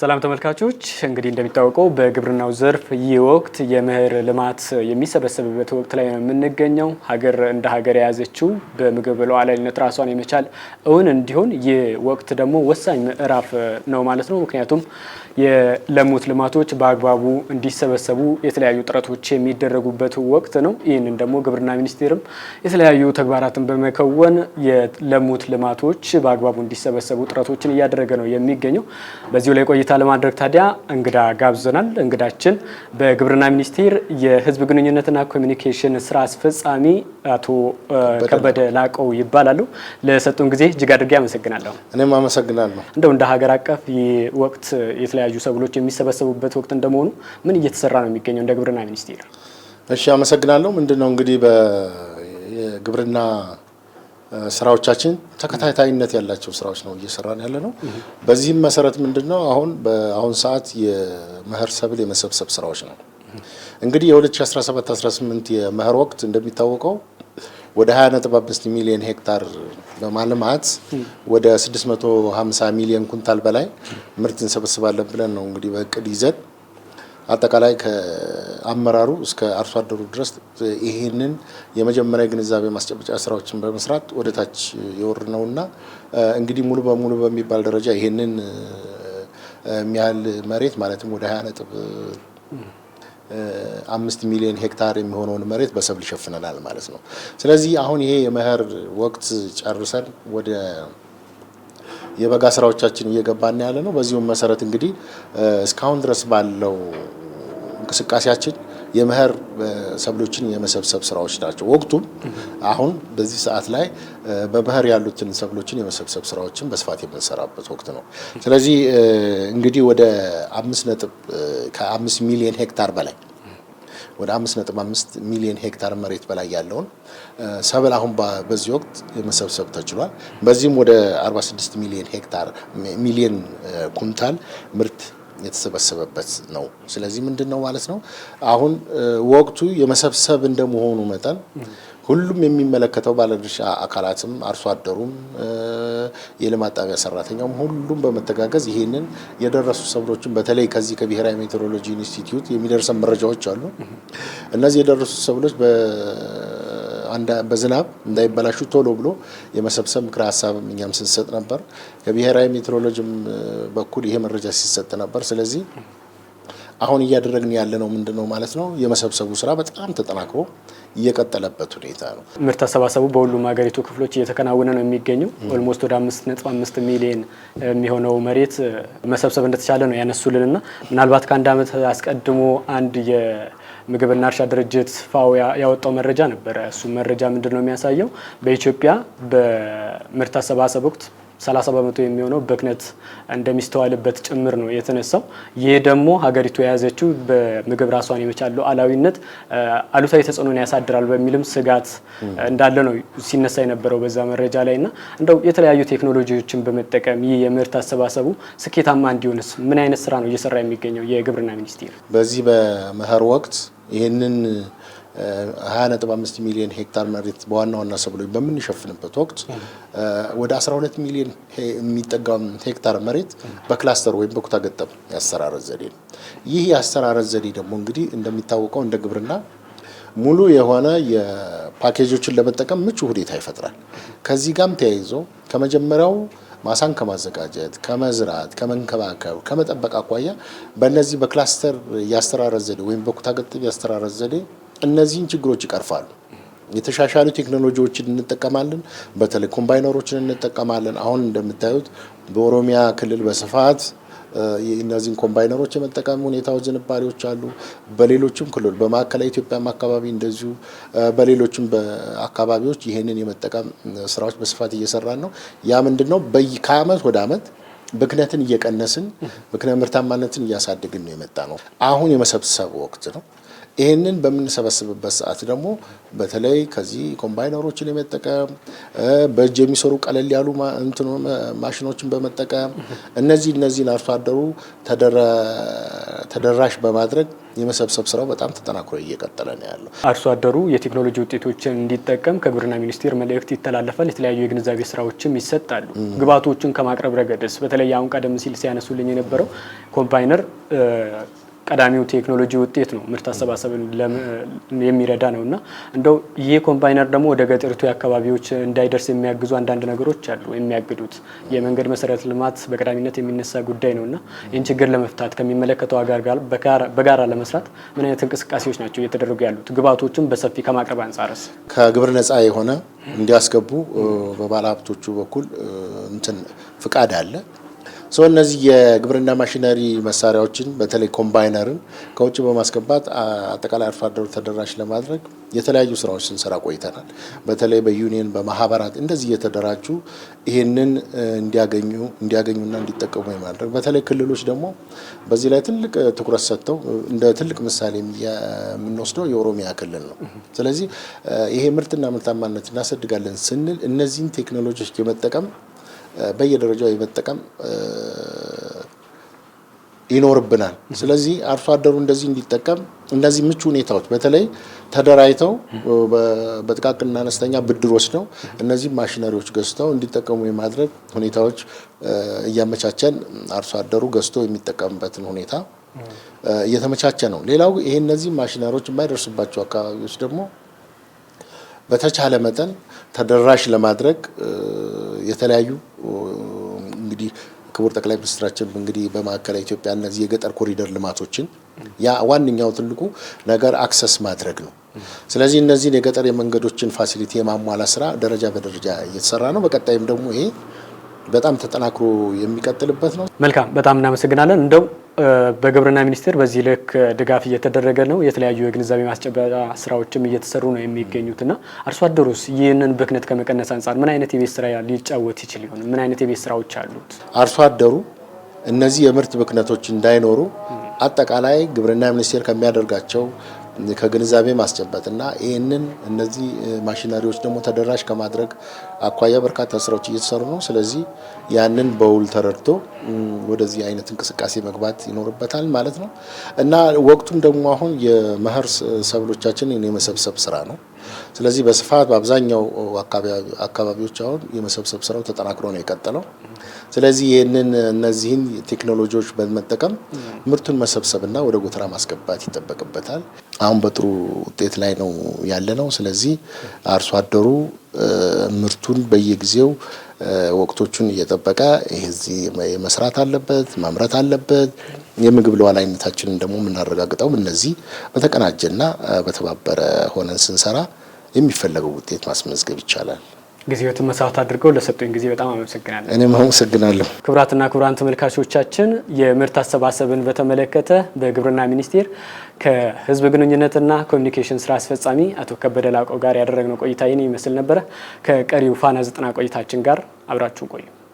ሰላም ተመልካቾች፣ እንግዲህ እንደሚታወቀው በግብርናው ዘርፍ ይህ ወቅት የምህር ልማት የሚሰበሰብበት ወቅት ላይ ነው የምንገኘው። ሀገር እንደ ሀገር የያዘችው በምግብ ሉዓላዊነት ራሷን የመቻል እውን እንዲሆን ይህ ወቅት ደግሞ ወሳኝ ምዕራፍ ነው ማለት ነው። ምክንያቱም የለሙት ልማቶች በአግባቡ እንዲሰበሰቡ የተለያዩ ጥረቶች የሚደረጉበት ወቅት ነው። ይህንን ደግሞ ግብርና ሚኒስቴርም የተለያዩ ተግባራትን በመከወን የለሙት ልማቶች በአግባቡ እንዲሰበሰቡ ጥረቶችን እያደረገ ነው የሚገኘው። በዚሁ ላይ ቆይ ቆይታ ለማድረግ ታዲያ እንግዳ ጋብዘናል። እንግዳችን በግብርና ሚኒስቴር የህዝብ ግንኙነትና ኮሚኒኬሽን ስራ አስፈጻሚ አቶ ከበደ ላቀው ይባላሉ። ለሰጡን ጊዜ እጅግ አድርጌ አመሰግናለሁ። እኔም አመሰግናለሁ። እንደው እንደ ሀገር አቀፍ ወቅት የተለያዩ ሰብሎች የሚሰበሰቡበት ወቅት እንደመሆኑ ምን እየተሰራ ነው የሚገኘው እንደ ግብርና ሚኒስቴር? እሺ አመሰግናለሁ። ምንድን ነው እንግዲህ በግብርና ስራዎቻችን ተከታታይነት ያላቸው ስራዎች ነው እየሰራን ያለ ነው። በዚህም መሰረት ምንድን ነው አሁን በአሁን ሰዓት የመኸር ሰብል የመሰብሰብ ስራዎች ነው። እንግዲህ የ2017/18 የመኸር ወቅት እንደሚታወቀው ወደ 25 ሚሊዮን ሄክታር በማልማት ወደ 650 ሚሊዮን ኩንታል በላይ ምርት እንሰበስባለን ብለን ነው እንግዲህ በእቅድ ይዘን አጠቃላይ ከአመራሩ እስከ አርሶ አደሩ ድረስ ይህንን የመጀመሪያ ግንዛቤ ማስጨበጫ ስራዎችን በመስራት ወደታች የወር ነውና እንግዲህ ሙሉ በሙሉ በሚባል ደረጃ ይህንን የሚያህል መሬት ማለትም ወደ ሀያ ነጥብ አምስት ሚሊዮን ሄክታር የሚሆነውን መሬት በሰብል ይሸፍነናል ማለት ነው። ስለዚህ አሁን ይሄ የመኸር ወቅት ጨርሰን ወደ የበጋ ስራዎቻችን እየገባን ያለ ነው። በዚሁም መሰረት እንግዲህ እስካሁን ድረስ ባለው እንቅስቃሴያችን የመኸር ሰብሎችን የመሰብሰብ ስራዎች ናቸው። ወቅቱም አሁን በዚህ ሰዓት ላይ በመኸር ያሉትን ሰብሎችን የመሰብሰብ ስራዎችን በስፋት የምንሰራበት ወቅት ነው። ስለዚህ እንግዲህ ወደ አምስት ነጥብ ከአምስት ሚሊዮን ሄክታር በላይ ወደ አምስት ነጥብ አምስት ሚሊዮን ሄክታር መሬት በላይ ያለውን ሰብል አሁን በዚህ ወቅት መሰብሰብ ተችሏል። በዚህም ወደ 46 ሚሊዮን ሄክታር ሚሊዮን ኩንታል ምርት የተሰበሰበበት ነው። ስለዚህ ምንድን ነው ማለት ነው አሁን ወቅቱ የመሰብሰብ እንደመሆኑ መጠን ሁሉም የሚመለከተው ባለድርሻ አካላትም አርሶ አደሩም የልማት ጣቢያ ሰራተኛውም ሁሉም በመተጋገዝ ይህንን የደረሱ ሰብሎችን በተለይ ከዚህ ከብሔራዊ ሜትሮሎጂ ኢንስቲትዩት የሚደርሰን መረጃዎች አሉ። እነዚህ የደረሱ ሰብሎች በዝናብ እንዳይበላሹ ቶሎ ብሎ የመሰብሰብ ምክረ ሀሳብ እኛም ስንሰጥ ነበር። ከብሔራዊ ሜትሮሎጂም በኩል ይሄ መረጃ ሲሰጥ ነበር። ስለዚህ አሁን እያደረግን ነው ምንድን ነው ማለት ነው፣ የመሰብሰቡ ስራ በጣም ተጠናክሮ እየቀጠለበት ሁኔታ ነው። ምርት አሰባሰቡ በሁሉም ሀገሪቱ ክፍሎች እየተከናወነ ነው የሚገኘው። ኦልሞስት ወደ አምስት ነጥብ አምስት ሚሊየን የሚሆነው መሬት መሰብሰብ እንደተቻለ ነው ያነሱልንና ምናልባት ከአንድ ዓመት አስቀድሞ አንድ ምግብና እርሻ ድርጅት ፋው ያወጣው መረጃ ነበረ። እሱ መረጃ ምንድን ነው የሚያሳየው? በኢትዮጵያ በምርት አሰባሰብ ወቅት 30 በመቶ የሚሆነው ብክነት እንደሚስተዋልበት ጭምር ነው የተነሳው። ይህ ደግሞ ሀገሪቱ የያዘችው በምግብ ራሷን የመቻል ሉዓላዊነት አሉታዊ ተጽዕኖን ያሳድራል በሚልም ስጋት እንዳለ ነው ሲነሳ የነበረው በዛ መረጃ ላይ እና እንደው የተለያዩ ቴክኖሎጂዎችን በመጠቀም ይህ የምርት አሰባሰቡ ስኬታማ እንዲሆንስ ምን አይነት ስራ ነው እየሰራ የሚገኘው የግብርና ሚኒስቴር በዚህ በመኸር ወቅት ይህንን 25 ሚሊዮን ሄክታር መሬት በዋና ዋና ሰብሎች በምንሸፍንበት ወቅት ወደ 12 ሚሊዮን የሚጠጋ ሄክታር መሬት በክላስተር ወይም በኩታ ገጠም የአሰራረት ዘዴ ነው። ይህ የአሰራረት ዘዴ ደግሞ እንግዲህ እንደሚታወቀው እንደ ግብርና ሙሉ የሆነ የፓኬጆችን ለመጠቀም ምቹ ሁኔታ ይፈጥራል። ከዚህ ጋም ተያይዞ ከመጀመሪያው ማሳን ከማዘጋጀት ከመዝራት፣ ከመንከባከብ፣ ከመጠበቅ አኳያ በእነዚህ በክላስተር የአስተራረስ ዘዴ ወይም በኩታ ገጠም የአስተራረስ ዘዴ እነዚህን ችግሮች ይቀርፋሉ። የተሻሻሉ ቴክኖሎጂዎችን እንጠቀማለን። በተለይ ኮምባይነሮችን እንጠቀማለን። አሁን እንደምታዩት በኦሮሚያ ክልል በስፋት እነዚህን ኮምባይነሮች የመጠቀም ሁኔታዎች ዝንባሌዎች አሉ። በሌሎችም ክልል በማዕከላዊ ኢትዮጵያም አካባቢ እንደዚሁ በሌሎችም አካባቢዎች ይህንን የመጠቀም ስራዎች በስፋት እየሰራን ነው። ያ ምንድን ነው? ከአመት ወደ አመት ብክነትን እየቀነስን ብክነት ምርታማነትን እያሳደግን ነው የመጣ ነው። አሁን የመሰብሰብ ወቅት ነው። ይህንን በምንሰበስብበት ሰዓት ደግሞ በተለይ ከዚህ ኮምባይነሮችን የመጠቀም በእጅ የሚሰሩ ቀለል ያሉ ማሽኖችን በመጠቀም እነዚህ እነዚህን አርሶ አደሩ ተደራሽ በማድረግ የመሰብሰብ ስራው በጣም ተጠናክሮ እየቀጠለ ነው ያለው። አርሶ አደሩ የቴክኖሎጂ ውጤቶችን እንዲጠቀም ከግብርና ሚኒስቴር መልእክት ይተላለፋል። የተለያዩ የግንዛቤ ስራዎችም ይሰጣሉ። ግብዓቶቹን ከማቅረብ ረገድስ በተለይ አሁን ቀደም ሲል ሲያነሱልኝ የነበረው ኮምባይነር ቀዳሚው ቴክኖሎጂ ውጤት ነው። ምርት አሰባሰብን የሚረዳ ነው እና እንደው ይህ ኮምባይነር ደግሞ ወደ ገጠሪቱ አካባቢዎች እንዳይደርስ የሚያግዙ አንዳንድ ነገሮች አሉ። የሚያግዱት የመንገድ መሰረተ ልማት በቀዳሚነት የሚነሳ ጉዳይ ነው እና ይህን ችግር ለመፍታት ከሚመለከተው አጋር ጋር በጋራ ለመስራት ምን አይነት እንቅስቃሴዎች ናቸው እየተደረጉ ያሉት? ግብዓቶችን በሰፊ ከማቅረብ አንጻርስ ከግብር ነጻ የሆነ እንዲያስገቡ በባለሀብቶቹ በኩል እንትን ፍቃድ አለ። እነዚህ የግብርና ማሽነሪ መሳሪያዎችን በተለይ ኮምባይነርን ከውጭ በማስገባት አጠቃላይ አርሶ አደሩ ተደራሽ ለማድረግ የተለያዩ ስራዎች ስንሰራ ቆይተናል። በተለይ በዩኒየን በማህበራት እንደዚህ እየተደራጁ ይህንን እንዲያገኙ እንዲያገኙና እንዲጠቀሙ የማድረግ በተለይ ክልሎች ደግሞ በዚህ ላይ ትልቅ ትኩረት ሰጥተው እንደ ትልቅ ምሳሌ የምንወስደው የኦሮሚያ ክልል ነው። ስለዚህ ይሄ ምርትና ምርታማነት እናሳድጋለን ስንል እነዚህን ቴክኖሎጂዎች የመጠቀም በየደረጃው የመጠቀም ይኖርብናል። ስለዚህ አርሶ አደሩ እንደዚህ እንዲጠቀም እነዚህ ምቹ ሁኔታዎች በተለይ ተደራጅተው በጥቃቅንና አነስተኛ ብድር ወስደው እነዚህ ማሽነሪዎች ገዝተው እንዲጠቀሙ የማድረግ ሁኔታዎች እያመቻቸን አርሶ አደሩ ገዝቶ የሚጠቀምበትን ሁኔታ እየተመቻቸ ነው። ሌላው ይሄ እነዚህ ማሽነሪዎች የማይደርስባቸው አካባቢዎች ደግሞ በተቻለ መጠን ተደራሽ ለማድረግ የተለያዩ እንግዲህ ክቡር ጠቅላይ ሚኒስትራችን እንግዲህ በማዕከላዊ ኢትዮጵያ እነዚህ የገጠር ኮሪደር ልማቶችን ያ ዋነኛው ትልቁ ነገር አክሰስ ማድረግ ነው። ስለዚህ እነዚህን የገጠር የመንገዶችን ፋሲሊቲ የማሟላ ስራ ደረጃ በደረጃ እየተሰራ ነው። በቀጣይም ደግሞ ይሄ በጣም ተጠናክሮ የሚቀጥልበት ነው። መልካም፣ በጣም እናመሰግናለን እንደው በግብርና ሚኒስቴር በዚህ ልክ ድጋፍ እየተደረገ ነው። የተለያዩ የግንዛቤ ማስጨበጫ ስራዎችም እየተሰሩ ነው የሚገኙት እና አርሶ አደሩስ ይህንን ብክነት ከመቀነስ አንጻር ምን አይነት የቤት ስራ ሊጫወት ይችል ይሆን? ምን አይነት የቤት ስራዎች አሉት? አርሶ አደሩ እነዚህ የምርት ብክነቶች እንዳይኖሩ አጠቃላይ ግብርና ሚኒስቴር ከሚያደርጋቸው ከግንዛቤ ማስጨበጥ እና ይህንን እነዚህ ማሽነሪዎች ደግሞ ተደራሽ ከማድረግ አኳያ በርካታ ስራዎች እየተሰሩ ነው። ስለዚህ ያንን በውል ተረድቶ ወደዚህ አይነት እንቅስቃሴ መግባት ይኖርበታል ማለት ነው እና ወቅቱም ደግሞ አሁን የመኸር ሰብሎቻችን የመሰብሰብ ስራ ነው። ስለዚህ በስፋት በአብዛኛው አካባቢዎች አሁን የመሰብሰብ ስራው ተጠናክሮ ነው የቀጠለው። ስለዚህ ይህንን እነዚህን ቴክኖሎጂዎች በመጠቀም ምርቱን መሰብሰብና ወደ ጎተራ ማስገባት ይጠበቅበታል። አሁን በጥሩ ውጤት ላይ ነው ያለ ነው። ስለዚህ አርሶ አደሩ ምርቱን በየጊዜው ወቅቶቹን እየጠበቀ ይህ መስራት አለበት፣ ማምረት አለበት። የምግብ ሉዓላዊነታችንን ደግሞ የምናረጋግጠው እነዚህ በተቀናጀና በተባበረ ሆነን ስንሰራ የሚፈለገው ውጤት ማስመዝገብ ይቻላል። ጊዜዎትን መስዋዕት አድርገው ለሰጡኝ ጊዜ በጣም አመሰግናለሁ። እኔም አመሰግናለሁ። ክቡራትና ክቡራን ተመልካቾቻችን የምርት አሰባሰብን በተመለከተ በግብርና ሚኒስቴር ከህዝብ ግንኙነትና ኮሚኒኬሽን ስራ አስፈጻሚ አቶ ከበደ ላቀው ጋር ያደረግነው ቆይታ ይህን ይመስል ነበረ። ከቀሪው ፋና ዘጠና ቆይታችን ጋር አብራችሁን ቆዩ።